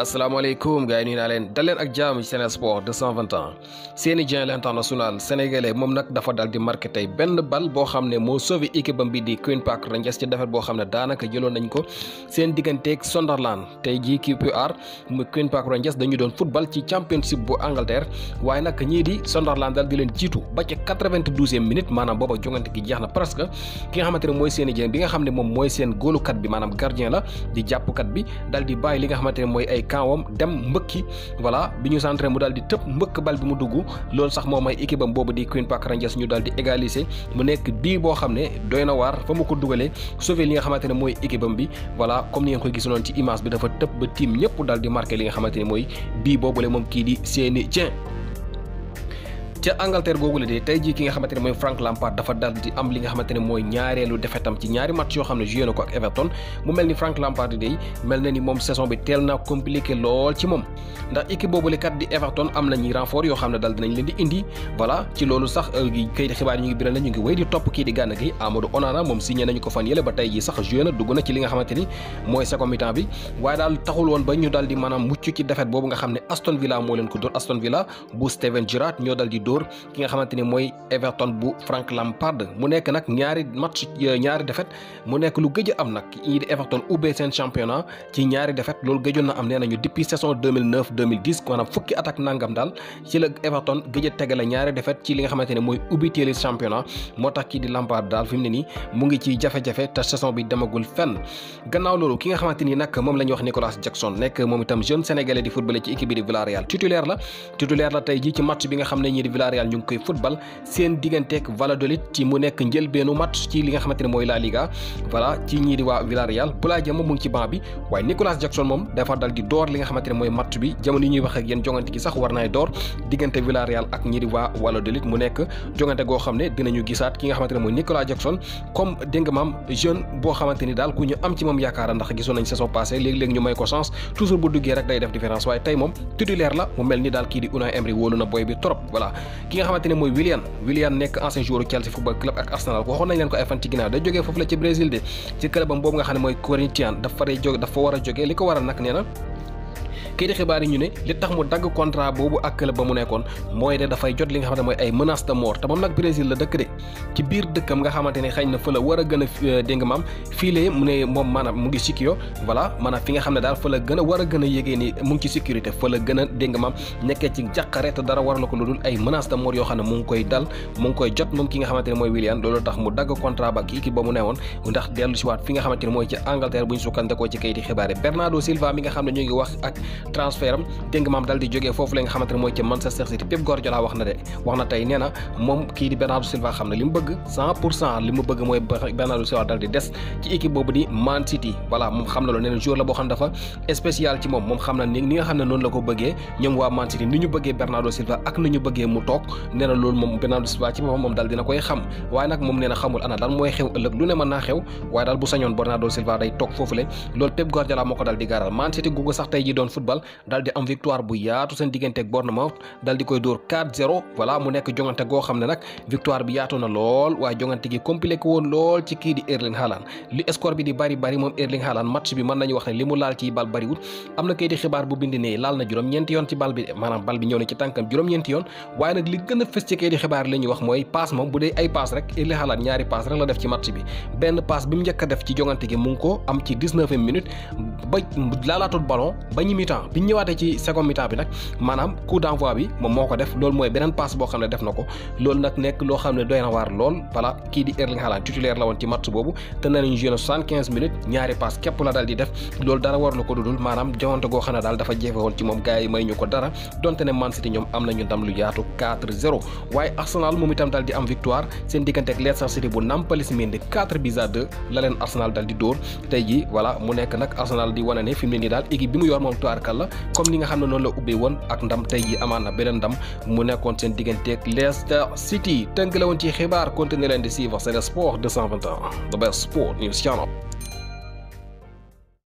Assalamualaikum gars yi nuyu naa leen dal leen ak jaamu ci sport 220 ans Seny Dieng l'international sénégalais mom nak dafa daal di marqué tay benn bal bo xamné mo sauvé équipe bi di Queen Park Rangers ci défaite bo xamné ne daanaka jëloon nañ ko seen ak Sunderland tey jii QPR mu Queen Park Rangers dañu doon football ci championship bu Angleterre waye nak ñi di Sunderland dal di leen jitu ba ci 92e minute manam bobu jongante gi jeex presque ki nga xamante moy mooy Seny bi nga xamné mom moy mooy golu kat bi manam gardien la di kat bi dal di bay li nga xamante moy ay kaawam dem mbëkki voilà bi ñu centré mu daal di tëb mbëkk bal bi mu dugg loolu sax moo may équipe am boobu di Queen Park Rangers ñu daal di mu nekk bii boo xam ne doy na waar fa mu ko dugalee sauvé li nga xamante ne mooy équipe am bi voilà comme ni ngeen koy gis noonu ci image bi dafa tëb ba team ñëpp daal di marqué li nga xamante ne mooy bii boobule moom kii di Seny Dieng ca Angleterre googu la dee tey jii ki nga xamante ne mooy Frank Lampard dafa dal am li nga xamante ne mooy ñaareelu defetam ci ñaari match yoo xam ne joué ko ak Everton mu mel ni Frank Lampard day mel na ni moom saison bi teel naa compliqué lool ci moom ndax équipe boobule kat di Everton am nañuy renfort yoo xam ne dal dinañ euh, ngi biral di topp kii di Gana Gueye Amadou Onana moom signé nañu ko fan yële ba tey jii sax joué dugg na ci li nga xamante dóor ki nga xamante ni mooy Everton bu Frank Lampard mu nekk nag ñaari match euh, ñaari defet mu nekk lu gëj am nag ñii di Everton ubbee seen championnat ci ñaari defet loolu gëjoon na am nee nañu depuis saison 2009 2010 maanaam fukki attaque nangam daal ci la Everton gëj a tegale ñaari defet ci li nga xamante mooy ubbi téeli championnat moo tax kii di Lampard daal fi ne nii mu ngi ci jafe-jafe te saison bi demagul fenn gannaaw loolu ki nga xamante ni nag moom la wax Nicolas Jackson nekk moom itam jeune sénégalais di footballé ci équipe la titulaire la tey jii ci Villarreal ñu koy football seen digganteeg Valladolid ci mu nekk bénu match ci li nga xamanteni moy La Liga voilà ci ñi di wa Villarreal Pula Dia moom mu ngi ci banc bi Nicolas Jackson mom. dafa dal di door li nga xamanteni moy match bi jamono ñuy wax ak yeen jongante gi sax war door diggante Villarreal ak ñi di wa Valladolid mu nekk jongante go xam dinañu gissat ki nga xamanteni moy Nicolas Jackson comme dégg maam jeune bo xamanteni dal ku ñu am ci mom yaakaara ndax gisoon nañ saison passé lég lég ñu may ko chance toujours bu duggé rek day def différence waaye tay mom titulaire la mu melni ni ki di Unai Emery wóolu na boy bi trop voilà ki nga xamante ne mooy Willian Willian nekk ancien joueur Chelsea football club ak Arsenal waxoon nañ leen ay fan ci ginnaaw da jógee foofu la ci Brésil de ci clubam boobu nga xam ne mooy Corinthians dafa war a jóge dafa war a jóge li ko waral nag nee na kayiti xibaar yi ñu ne li tax mu dagg contrat ba nga xamante mooy ay menace de mort te moom nag ne xëy na la a gën a euh, dégg maam fii lee mu ne moom maanaam mu ngi Sikio voilà a war a a yégee ni mu a dégg maam nekkee ci jàqare te ko lu dul ay kii ki ba mu newoon ndax dellu si waat fi nga xamante mooy ci Angleterre bu ñu sukkandekoo ci kayiti xibaar yi Bernardo Silva mi nga xam ne ñu ngi wax ak ak transfert am nga maam daal di jógee foofu la nga xamante ne mooy ca Manchester City Pep Guardiola wax na de wax na tey nee moom kii di Bernardo Silva xam ne li mu bëgg mooy Bernardo Silva daal des ci équipe boobu di Man City voilà moom xam na loolu nee na la boo xam dafa spécial ci moom moom xam na ni nga xam ne noonu la ko bëggee ñoom waa Man City ni ñu bëggee Bernardo Silva ak ni ñu bëggee mu toog nee loolu moom Bernardo Silva ci moo football dal di am victoire bu yaatu seen digganteeg Bournemouth dal di koy dóor 4-0 voilà mu nekk jongante goo xam ne nag victoire bi yaatu lool waaye jongante gi compliqué woon lool ci kii di Erling Haaland li score bi di bari bari moom Erling Haaland match bi mën nañu wax ne li mu laal ci bal bariwul am na kayiti xibaar bu bind ne laal na juróom-ñeenti yoon ci bal bi maanaam bal bi ñëw na ci tànkam juróom-ñeenti yoon waaye nag li gën a temps bi ñëwaatee ci second bi nag maanaam coup d'envoi bi moom moo ko def loolu mooy beneen passe boo xam ne def na ko loolu nag nekk loo xam ne doy waaye Arsenal moom itam daal di am victoire seen diggante ak Leicester City bu Nampalys Mendy 4 buts à la leen Arsenal daal di dóor tey ji voilà mu nekk nag Arsenal di wane ne fi mu ne daal équipe bi mu yor moom tabaarkalla comme ni nga xam ne noonu la ubbee woon ak ndam tey ji amaan na beneen ndam mu nekkoon seen digganteeg Leicester City tënk la woon ci xibaar continuer leen di suivre Sen Sport 221 the best sport news channel